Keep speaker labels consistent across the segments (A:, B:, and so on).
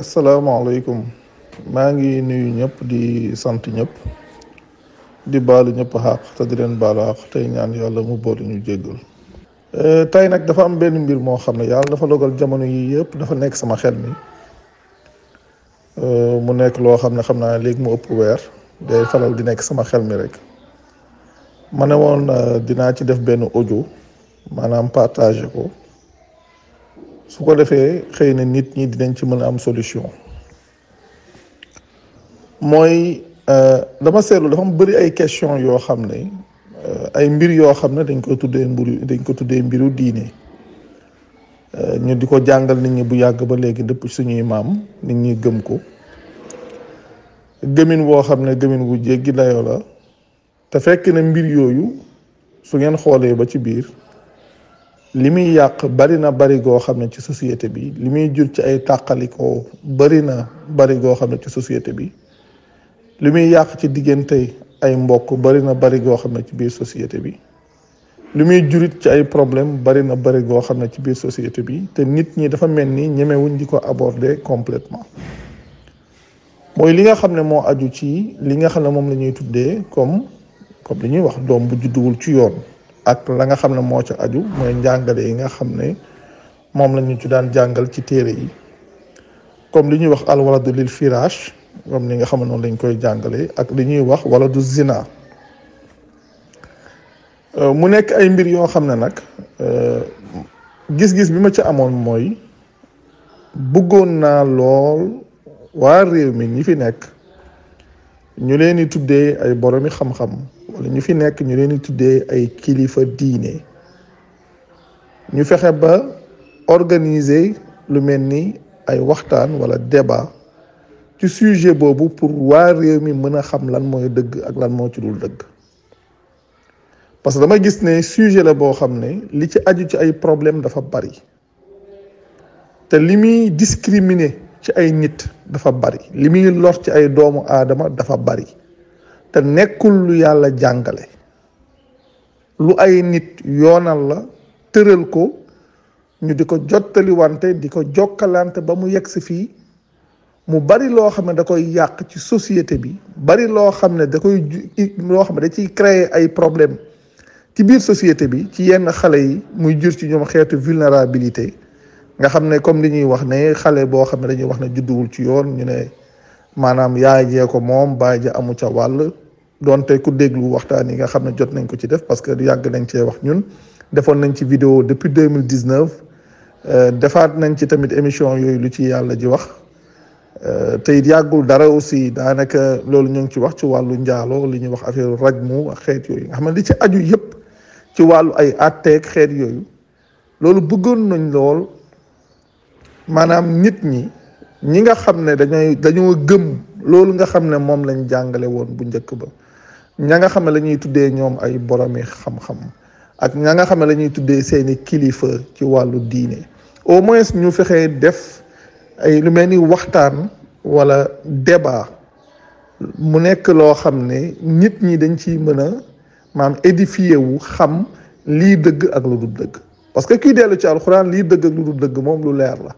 A: asalaamaaleykum maa ngi nuyu ñëpp di sant ñëpp di baalu ñëpp xaq te di leen baalu xaq tey ñaan yàlla mu boole ñu jéggal eh, tey nag dafa am benn mbir moo xam ne yàlla dafa dogal jamono yi yëpp dafa nekk sama xel mi eh, mu nekk loo xam ne xam naa léegi mu ëpp weer day falal di nekk sama xel mi rek ma ne woon eh, dinaa ci def benn audio maanaam partagé ko su ko defee xëy na nit ñi dinañ ci mën a am solution mooy euh, dama seetlu dafa mu bëri ay question yoo xam ne euh, ay mbir yoo xam ne dañ ko tuddee mbiru dañ ko tuddee mbiru diine euh, ñu di ko jàngal nit ñi bu yàgg ba léegi dëpp suñuy maam nit ñi gëm ko gëmin woo xam ne gëmin wu jéggi dayoo la te fekk na mbir yooyu su ngeen xoolee ba ci biir li muy yàq bari na bari goo xam ne ci société bi li muy jur ci ay tàqalikoo bari na bari goo xam ne ci société bi li muy yàq ci diggante ay mbokk bari na bari goo xam ne ci biir société bi li muy jurit ci ay problème bari na bari goo xam ne ci biir société bi te nit ñi dafa mel ni ñemewuñ di ko aborde complètement mooy li nga xam ne moo aju ci li nga xam ne moom la ñuy tuddee comme comme li ñuy wax doom bu judduwul ci yoon ak la nga xam ne moo ca aju mooy njàngale yi nga xam ne moom la ñu ci daan jàngal ci téere yi comme li ñuy wax alwaladu lil firaash comme ni nga xam ne noonu lañ koy jàngale ak li ñuy wax wala du zina euh, mu nekk ay mbir yoo xam ne nag euh, gis-gis bi ma ci amoon mooy bëggoon naa lool waa réew mi ñi fi nekk ñu leen di tuddee ay boroomi xam-xam wala ñu fi nekk ñu leen di tuddee ay kilifa diine ñu fexe ba organiser lu mel ni ay waxtaan walla débat ci sujet boobu pour waa réew mi mën a xam lan mooy dëgg ak lan moo ci dul dëgg parce que dama gis ne sujet la boo xam ne li ci aju ci ay problème dafa bari te li muy discriminer ci ay nit dafa bari li muy lor ci ay doomu aadama dafa bari te nekkul lu yàlla jàngale lu ay nit yoonal la tëral ko ñu di ko jottaliwante di ko jokkalante ba mu yegg si fii mu bari loo xam ne da koy yàq ci société bi bari loo xam ne da koy loo xam ne da ciy créer ay problème ci biir société bi ci yenn xale yi muy jur ci ñoom xeetu vulnérabilité nga xam ne comme li ñuy wax ne xale boo xam ne dañuy wax ne judduwul ci yoon ñu ne maanaam yaay jee ko moom baay ji amu ca wàll donte ku déglu waxtaan yi nga xam ne jot nañ ko ci def parce que yàgg nañ cee wax ñun defoon nañ ci vidéo depuis deux mille dix neuf euh, defaat nañ ci tamit émission yooyu lu ci yàlla ji wax euh, te it yàggul dara aussi daanaka loolu ñu ngi ci wax ci wàllu njaaloo li ñuy wax affaire rajmu mu xeet yooyu nga xam ne li ci aju yëpp ci wàllu ay àtteeg xeet yooyu loolu bëggoon nañ lool maanaam nit ñi ñi nga xam ne dañoo dañoo gëm loolu nga xam ne moom lañ jàngale woon bu njëkk ba. ña nga xam ne la tuddee ñoom ay boromi xam-xam ak ña nga xam ne la ñuy tuddee seeni kilifa ci wàllu diine au moins ñu fexee def ay lu mel ni waxtaan walla débat mu nekk loo xam ne nit ñi dañ ciy mën a maam édifié wu xam lii dëgg ak lu dul dëgg parce que kuy dellu ci alxuraan lii dëgg ak lu dul dëgg moom lu leer la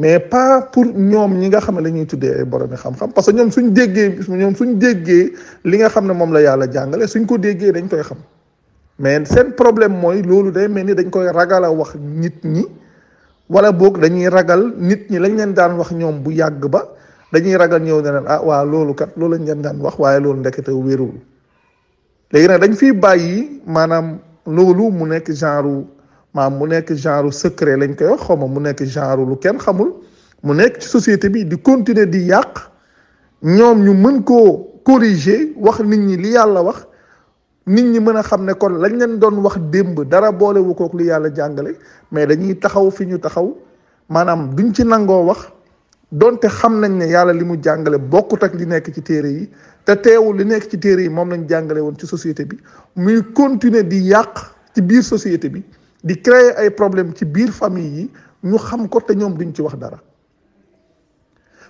A: mais pas pour ñoom ñi nga xam ne dañuy tuddee ay boromi xam-xam parce que ñoom suñ déggee ñoom suñ déggee li nga xam ne moom la yàlla jàngale suñ ko déggee dañ koy xam mais seen problème mooy loolu day mel ni dañ koy ragal wax nit ñi wala boog dañuy ragal nit ñi lañ leen daan wax ñoom bu yàgg ba dañuy ragal ñëw ne leen ah waa loolu kat loolu lañ leen daan wax waaye loolu ndekete wérul léegi nag dañ fiy bàyyi maanaam loolu mu nekk genre. maam mu nekk genre secret lañ koy wax xaw ma mu nekk genre lu kenn xamul mu nekk ci société bi di continuer di yàq ñoom ñu mën koo corriger wax nit ñi li yàlla wax nit ñi mën a xam ne kon lañ leen doon wax démb dara boolewu kook li yàlla jàngale mais dañuy taxaw fi ñu taxaw maanaam duñ ci nangoo wax doonte xam nañ ne yàlla li mu jàngale bokkut ak li nekk ci téere yi te teewul li nekk ci téere yi moom lañ jàngale woon ci société bi muy continuer di yàq ci biir société bi di créer ay problème ci biir famille yi ñu xam ko te ñoom duñ ci wax dara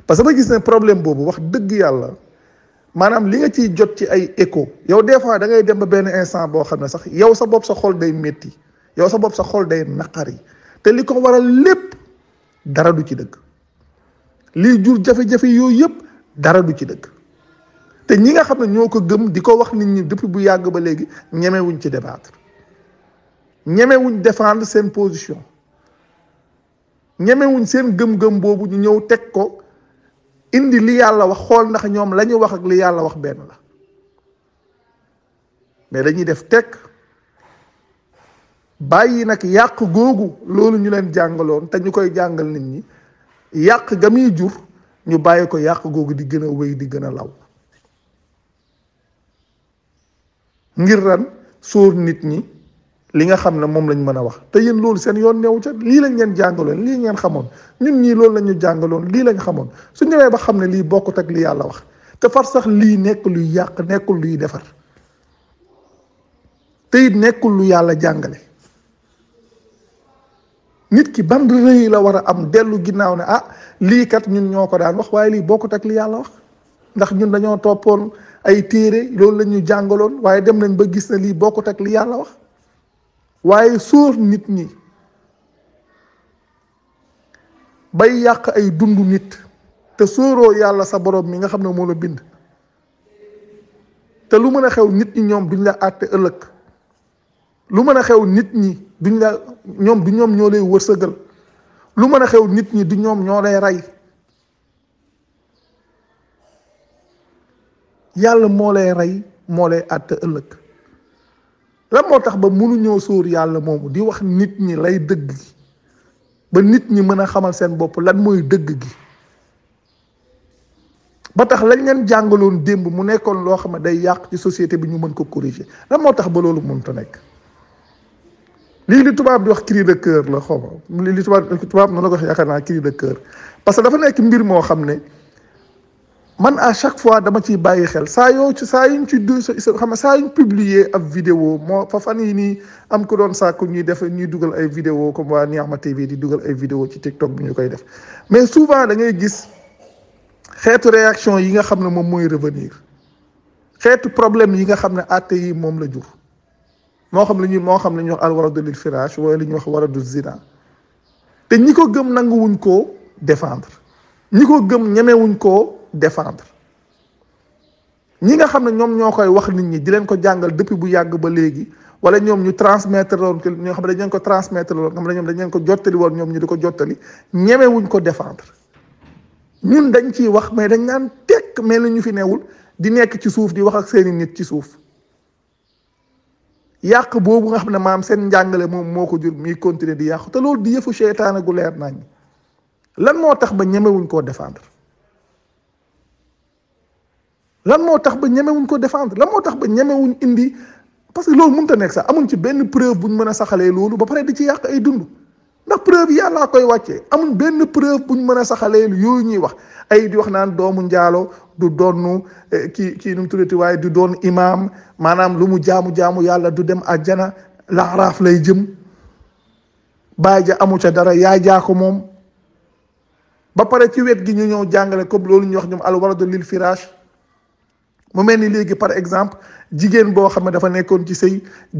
A: parce que gis ne problème boobu wax dëgg yàlla maanaam li nga ciy jot ci ay éco yow des fois da ngay dem ba benn instant boo xam ne sax yow sa bopp sa xol day métti yow sa bopp sa xol day naqari te li ko waral lépp dara du ci dëgg lii jur jafe-jafe yooyu yëpp dara du ci dëgg te ñi nga xam ne ñoo ko gëm di ko wax nit ñi depuis bu yàgg ba léegi ñemewuñ ci débattre ñemewuñ défendre seen position ñemewuñ seen gëm-gëm boobu ñu ñëw teg ko indi li yàlla wax xool ndax ñoom lañu wax ak li yàlla wax benn la mais dañuy def teg bàyyi nag yàq googu loolu ñu leen jàngaloon te ñu koy jàngal nit ñi yàq ga muy jur ñu bàyyi ko yàq googu di gën a wéy di gën a law ngir ran sóor nit ñi li nga xam ne moom lañ mën a wax te yéen loolu seen yoon neewu ca lii lañ leen jàngaloon lii ngeen xamoon ñun ñii loolu la ñu jàngaloon lii lañ xamoon su ñëwee ba xam ne lii bokkut ak li yàlla wax te far sax lii nekk luy yàq nekkul luy defar te nekkul lu yàlla jàngale nit ki ban la war a am dellu ginnaaw ne ah, lii kat ñun ñoo ko daan wax waaye lii bokkut ak li yàlla wax ndax ñun dañoo toppoon ay téere loolu la ñu jàngaloon waaye dem nañ ba gis ne lii bokkut ak li yàlla wax waye sour nit ñi bay yàq ay dundu nit te sóoroo yàlla sa borom mi nga xamne mo la bind te lu mën xew nit ñi ñom duñ la àtte ëlëk lu mën xew nit ñi duñ la ñom du ñom ñolay wërsëgal lu mën xew nit ñi du ñom ñolay ray yàlla mo lay ray mo lay àtte ëlëk lan moo tax ba mënuñoo sóor yàlla moomu di wax nit ñi lay dëgg gi ba nit ñi mën a xamal seen bopp lan mooy dëgg gi ba tax lañ leen jàngaloon démb mu nekkoon loo xam ne day yàq ci société bi ñu mën ko corriger lan moo tax ba loolu mënta nekk lii li tubaab di wax cri de cœur la xaw ma lii li tubaab tubaab noonu la ko wax yaakaar naa cri de cœur parce dafa nekk mbir moo xam ne. man à chaque fois dama ci bàyyi xel sa yo ci sa yuñ ci du xam sa yuñ publier ab vidéo mo fa fan yi nii am ku doon sàkku ñuy def ñuy dugal ay vidéo comme wa Nihma TV di dugal ay vidéo ci TikTok bi ñu koy def mais souvent da ngay gis xeetu réaction yi nga xam ne moom mooy revenir xeetu problème yi nga xam ne àtte yi moom la jur moo xam la ñuy moo xam la ñuy wax alwaradu lil firaash wala li ñu wax waradul zina te ñi ko gëm nanguwuñ koo défendre ñi ko gëm ñemewuñ koo défendre ñi nga xam ne ñoom ñoo koy wax nit ñi di leen ko jàngal depuis bu yàgg ba léegi wala ñoom ñu transmettre loon ko ñoo xam ne dañ leen ko transmettre loon xam ne ñoom dañ ko jottali woon ñoom ñu di ko jottali ñemewuñ ko défendre ñun dañ ciy wax mais dañ naan tekk mel ni ñu fi newul di nekk ci suuf di wax ak seeni nit ci suuf yàq boobu nga xam ne maam seen njàngale moom moo ko jur muy continuer di yàqu te loolu di yëfu seytaane gu leer nañ lan moo tax ba ñemewuñ koo défendre lan moo tax ba ñemewuñ ko défendre lan tax ba ñemewuñ indi parce que loolu mënut a nekk sax amuñ ci benn preuve buñ mën a saxalee loolu ba pare di ci yàq ay dund ndax preuve yàllaa koy wàccee amuñ benn preuve buñ mën a saxalee yooyu ñuy wax ay di wax naan doomu njaalo du doon eh, kii kii nu mu tuddati waaye du doon imaam maanaam lu mu jaamu jaamu yàlla du dem àjjana laaraaf lay jëm baay ja amu ca dara yaay jaako moom ba pare ci wet gi ñu ñëw jàngale comme loolu ñuy wax ñoom alwaradu lil firaash mu mel ni léegi par exemple jigéen boo xam ne dafa nekkoon ci sëy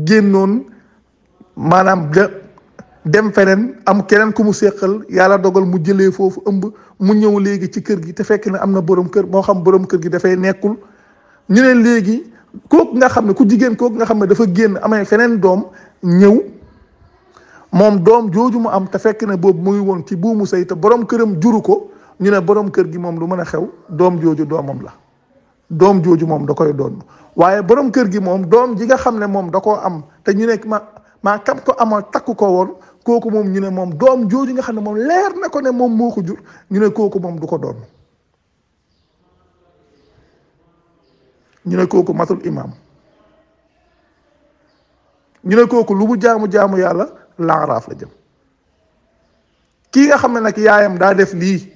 A: génnoon maanaam de dem feneen am keneen ku mu séqal yàlla dogal mu jëlee foofu ëmb mu ñëw léegi ci kër gi te fekk na am na borom kër moo xam borom kër gi dafay nekkul ñu ne léegi kooku nga xam ne ku jigéen kooku nga xam ne dafa génn amee feneen doom ñëw moom doom jooju mu am te fekk na boobu mu ngi woon ci buumu sëy te borom këram juru ko ñu ne borom kër gi moom lu mën a xew doom jooju doomam la doom jooju moom da koy doon waaye boroom kër gi moom doom ji nga xam ne moom da koo am te ñu nekk ma maa kam ko amal takk ko woon kooku moom ñu ne moom doom jooju nga xam ne moom leer na ko ne moom moo ko jur ñu ne kooku moom du ko doon ñu ne kooku matul imaam ñu ne kooku lu mu jaamu-jaamu yàlla laaraaf la jëm kii nga xam ne nag yaayam daa def lii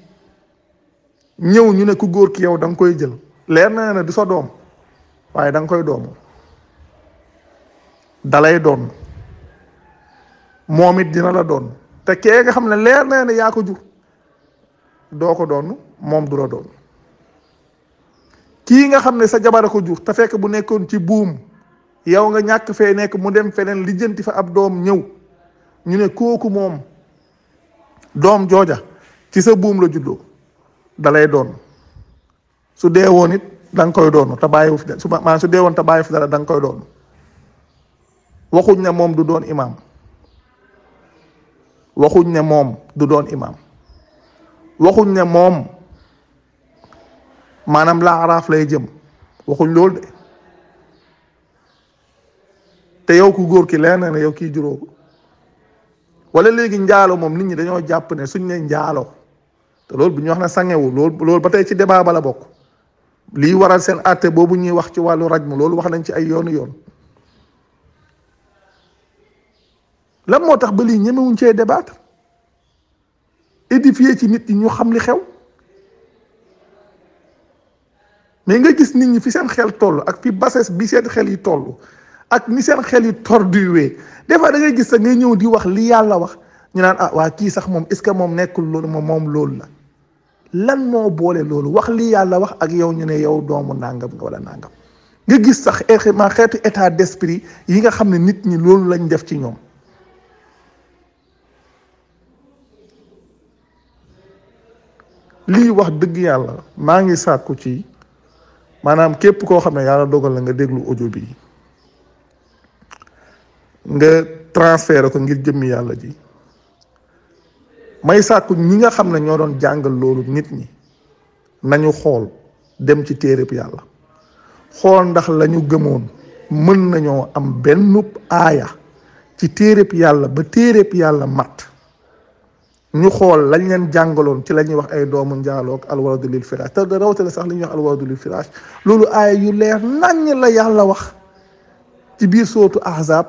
A: ñëw ñu ne ku góor ki yow danga koy jël leer na ne du sa doom waaye danga koy doomu dalay doon moom it dina la doon te kee nga xam ne leer na ne yaa ko jur doo ko doon moom du la doon kii nga xam ne sa jabara ko jur te fekk bu nekkoon ci buum yow nga ñàkk fee nekk mu dem feneen lijjanti fa ab doom ñëw ñu ne kooku moom doom jooja ci sa buum la juddoo dalay doon su dee woon it da koy doon ta bàyyiwu fi su ma su dee woon te bàyyi fi dara koy doon waxuñ ne moom du doon imaam waxuñ ne moom du doon imaam waxuñ ne moom maanaam laa araaf lay jëm waxuñ lool de te yow ku góor ki leer na ne yow kii juróom wala léegi njaalo moom nit ñi dañoo jàpp ne suñ ne njaalo te loolu bu ñu wax ne sangewu loolu loolu ba tey ci debaa ba la bokk li waral sen até bobu ñuy wax ci walu rajm lolu wax nañ ci ay yoon yoon lam motax ba li lii wuñ ci débattre édifier ci nit ñu xam li xew mais nga gis nit ñi fi sen xel tollu ak fi bassesse bi seen xel yi tollu ak ni sen xel yi torduwee des fois da ngay gis sa ngay ñëw di wax li yalla wax ñu naan ah wa ki sax mom est ce que mom nekul lolu mom mom lolu la lan moo boole loolu wax li yàlla wax ak yow ñu ne yow doomu nàngam walla wala nàngam nga gis sax ma xeetu état d'esprit yi nga xam ne nit ñi loolu lañu def ci ñoom lii wax dëgg yàlla maa ngi sàkku ci maanaam képp koo xam ne yàlla dogal la nga déglu audio bi nga transféré ko ngir jëmmi yàlla ji may sàkku ñi nga xam ne ñoo doon jàngal loolu nit ñi nañu xool dem ci téereb yàlla xool ndax lañu gëmoon mën nañoo am benn aaya ci téereb yàlla ba téereb yàlla mat ñu xool lañu leen jàngaloon ci la ñuy wax ay doomu njaaloo ak alwaradu lil firaash te da rawatina sax li ñuy wax alwaradu lil firaash loolu aaya yu leer naññ la yàlla wax ci biir sootu ahzab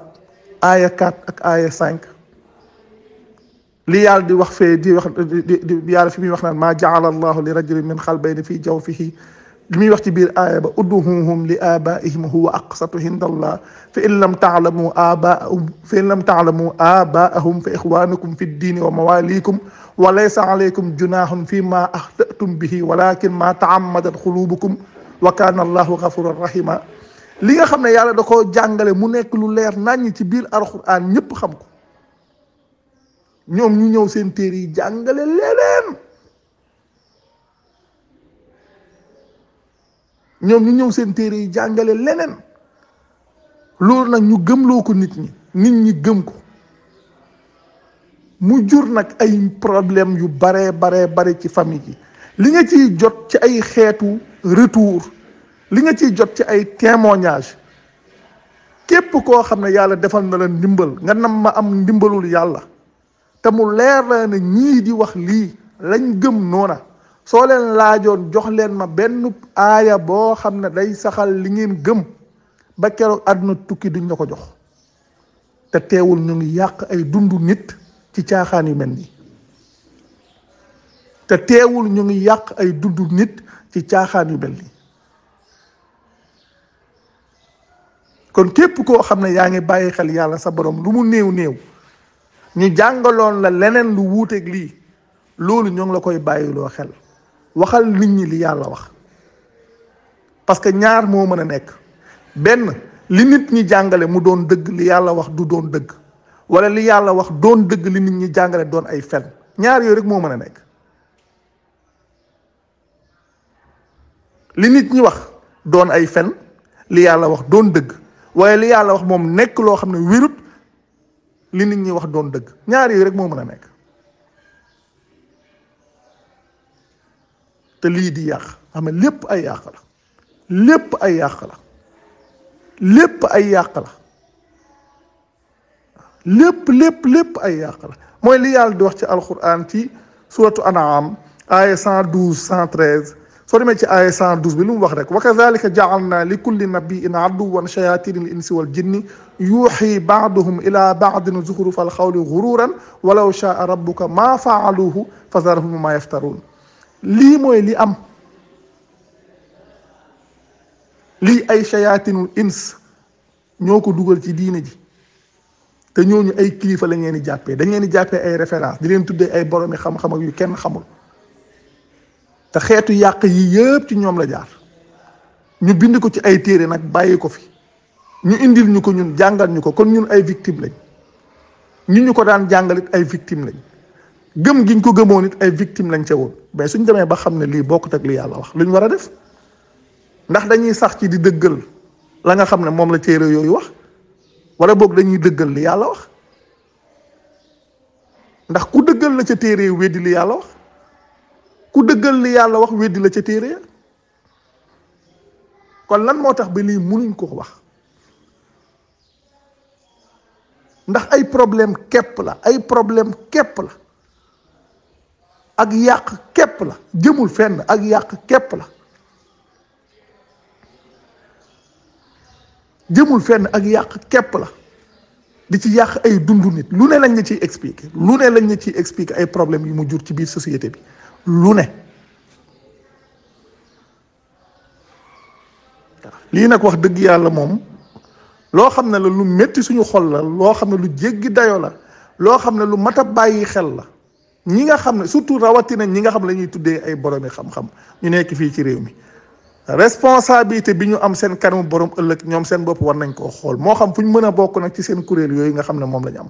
A: aaya 4 ak aaya 5 li yàlla di wax fee di wax di yàlla fi muy wax naan maa jaala allahu li rajulin min xalbayni fii jawfihi li muy wax ci biir aaya ba udduhuhum li abaihim huwa aqsatu hindallah fa in lam taalamu abaahum fa in lam taalamu abaahum fa ixwanukum fi ddiini wa mawalikum wa laysa alaykum junahun fi ma axtatum bihi walakin ma taammadat xulubukum wa kaana allahu gafuran rahima li nga xam ne yàlla da koo jàngale mu nekk lu leer naññ ci biir alquran ñëpp xam ko ñoom ñu ñëw seen téere yi jàngale leneen ñu ñëw seen téere yi jàngale leneen loolu nag ñu gëmloo ko nit ñi nit ñi gëm ko mu jur nag ay problème yu baree baree bare ci famille yi li nga ciy jot ci ay xeetu retour li nga ciy jot ci ay témoignage képp koo xam ne yàlla defal na la ndimbal nga nam ma am ndimbalul yàlla te leer la na ñii di wax lii lañ gëm noona soo leen laajoon jox leen ma benn aaya boo xam ne day saxal li ngeen gëm ba keroog àdduna tukki duñ la ko jox te teewul ñu ngi yàq ay dundu nit ci caaxaan yu mel nii te teewul ñu ngi yàq ay dundu nit ci caaxaan yu mel kon képp koo xam ne yaa ngi bàyyi xel yàlla sa borom lu mu néew néew ñi jàngaloon la leneen lu wuuteeg lii loolu ñoo ngi la koy bàyyiloo xel waxal nit ñi li yàlla wax parce que ñaar moo mën a nekk benn li nit ñi jàngale mu doon dëgg li yàlla wax du doon dëgg wala li yàlla wax doon dëgg li nit ñi jàngale doon ay fen ñaar yooyu rek moo mën a nekk li nit ñi wax doon ay fen li yàlla wax doon dëgg waaye li yàlla wax moom nekk loo xam ne wérut li nit ñi wax doon dëgg ñaari rek moo mën a nekk te lii di yàq xam lépp ay yàq la lépp ay yàq la lépp ay yàq la lépp lépp lépp ay yàq la mooy li yàlla di wax ci alquran ci suratu anaam aaya cent douze cent treize فرمت آية 112 بلوم وخرك وكذلك جعلنا لكل نبي إن عدو ونشياتين الإنس والجن يوحي بعضهم إلى بعض زخرف القول غرورا ولو شاء ربك ما فعلوه فذرهم ما يفترون لي موي لي أم لي أي شياطين الإنس نيوكو دوغل تي دينا جي تنيوني أي كليفة لنيني جابي دنيني جابي أي رفرانس دلين تودي أي برومي خم خم يو خمول te xeetu yàq yii yëpp ci ñoom la jaar ñu bind ko ci ay téere nag bàyyi ko fi ñu indil ñu ko ñun jàngal ñu ko kon ñun ay victime lañ ñu ñu ko daan jàngalit ay victime lañ gëm giñ ko gëmoon it ay victime lañ ca woon mais suñ demee ba xam ne lii bokkut ak li yàlla wax luñ war a def ndax dañuy sax ci di dëggal la nga xam ne moom la téere yooyu wax wala boog dañuy dëggal li yàlla wax ndax ku dëggal na ca téere di li yàlla wax ku dëggal ni yàlla wax weddi la ca téere ya kon lan moo tax ba lii mu munuñ ko wax ndax ay problème képp la ay problème kepp la ak yàq képp la jëmul fenn ak yàq képp la jëmul fenn ak yàq képp la di ci yàq ay dundu nit lu ne lañ la ciy expliquer lu ne lañ la ciy expliquer ay problème yu mu jur ci biir société bi lu ne lii nag wax dëgg yàlla moom loo xam ne la lu métti suñu xol la loo xam ne lu jéggi dayo la loo xam ne lu mat a bàyyi xel la ñi nga xam ne surtout rawatina ñi nga xam ne la tuddee ay boromi xam-xam ñu nekk fii ci réew mi responsabilité bi ñu am seen kanamu borom ëllëg ñoom seen bopp war nañ koo xool moo xam fu ñu mën a bokk nag ci seen kuréel yooyu nga xam ne moom lañu ñu am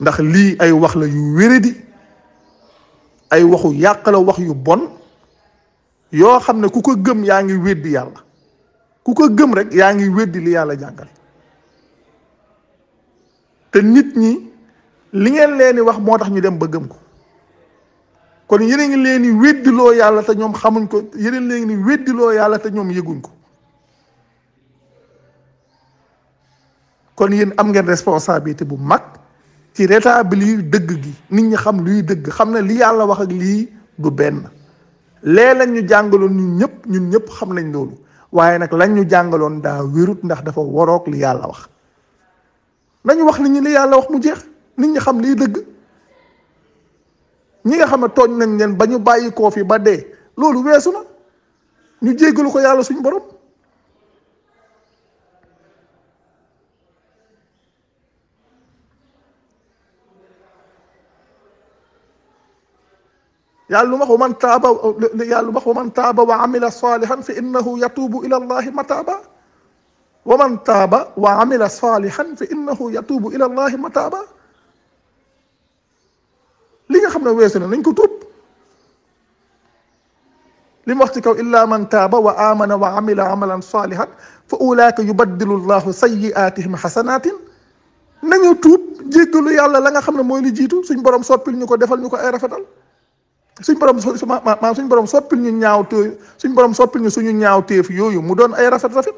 A: ndax lii ay wax la yu wéradi ay waxu yàq la wax yu bon yoo xam ne ku ko gëm yaa ngi weddi yàlla ku ko gëm rek yaa ngi weddi li yàlla jàngal te nit ñi li ngeen leen di wax moo tax ñu dem ba gëm ko kon yéen a ngi leen di weddiloo yàlla te ñoom xamuñ ko yéen a leen di yàlla te ñoom yëguñ ko kon yéen am ngeen responsabilité bu mag. ci rétablir dëgg gi nit ñi xam luy dëgg xam ne li yàlla wax ak lii du benn lee lañ ñu jàngaloon ñun ñëpp ñun ñëpp xam nañ loolu waaye nag lañ ñu jàngaloon daa wérut ndax dafa waroog li yàlla wax nañu wax nit li yàlla wax mu jeex nit ñi xam lii dëgg ñi nga xam ne tooñ nañ leen ba ñu bàyyi fi ba dee loolu weesu ñu jéggalu ko yàlla suñu borom يا من تاب يعلمه من تاب وعمل صالحا فإنه يتوب إلى الله متابا ومن تاب وعمل صالحا فإنه يتوب إلى الله متابا لي خمنا ويسنا نكتب توب لم إلا من تاب وآمن وعمل عملا صالحا فأولاك يبدل الله سيئاتهم حسنات نيو توب جيغلو يالا لاغا خامن موي لي جيتو سوني بروم سوبيل نيوكو ديفال نيوكو اي رافتال suñ borom maanaam suñ borom soppil ñu ñaaw téef suñ borom soppil ñu suñu ñaaw téef yooyu mu doon ay rafet rafet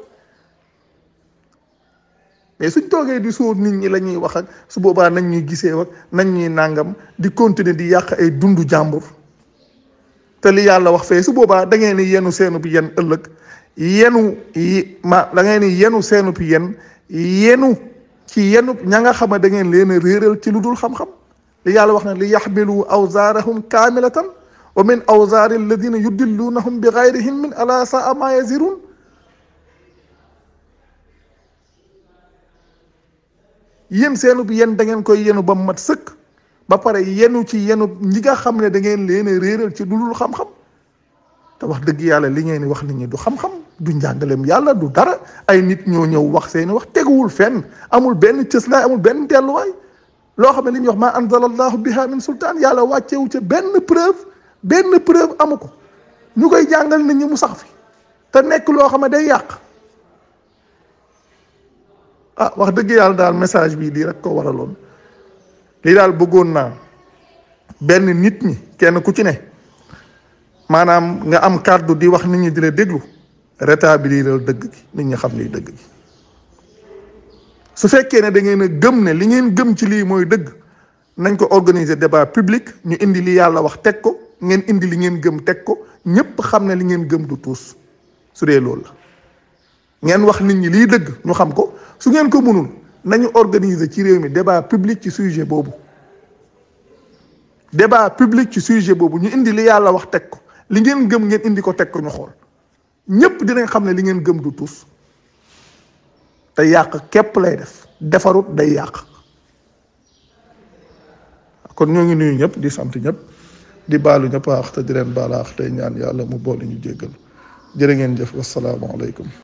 A: mais suñ toogee di suur nit ñi la ñuy wax ak su boobaa nañ ñuy gisee ak nañ ñuy nàngam di continuer di yàq ay dundu jàmbur te li yàlla wax fee su boobaa da ngeen yenu seenu bi yen ëllëg yenu ma dangeen yenu seenu bi yen yenu ci yenu ña nga xam da ngeen leen a ci lu dul xam-xam. يالا واخنا لي يحملوا اوزارهم كامله ومن اوزار الذين يدلونهم بغيرهم من الا ساء ما يزرون يم سينو بي ين داغن كوي ينو بام مات سك با باري ينو تي ينو نيغا خامني داغن لين ريرال تي دولول خام خام تا واخ دغ يالا لي نيني واخ نيت ني دو خام خام دو نجانغلم يالا دو دار اي نيت ньо ньо واخ سين واخ تيغول فين امول بن تيسلا امول بن تيلو واي loo xam ne li ñuy wax maa anzal allahu biha min sultaan yàlla wàccewu ca benn preuve benn preuve amu ko ñu koy jàngal nit ñi mu sax fi te nekk loo xam ne day yàq ah wax dëgg yàlla daal message bii di rek ko waraloon lii daal bëggoon naa benn nit ñi kenn ku ci ne maanaam nga am kàddu di wax nit ñi di la déglu rétablir dëgg gi nit ñi xam liy dëgg gi su fekkee ne da ngeen a gëm ne li ngeen gëm ci lii mooy dëgg nañ ko organiser débat publique ñu indi li yàlla wax teg ko ngeen indi li ngeen gëm teg ko ñëpp xam ne li ngeen gëm du tuus su dee loolu ngeen wax nit ñi lii dëgg ñu xam ko su ngeen ko mënul nañu organiser ci réew mi débat public ci sujet boobu débat public ci sujet boobu ñu indi li yàlla wax teg ko li ngeen gëm ngeen indi ko teg ko ñu xool ñëpp dinañ xam ne li ngeen gëm du tuus. te yàq képp lay def defarut day yàq kon ñoo ngi nuyu ñëpp di sant ñëpp di baalu ñëpp aax te di leen baalaax tey ñaan yàlla mu boole ñu jéggal jërë ngeen jëf wasalaamaaleykum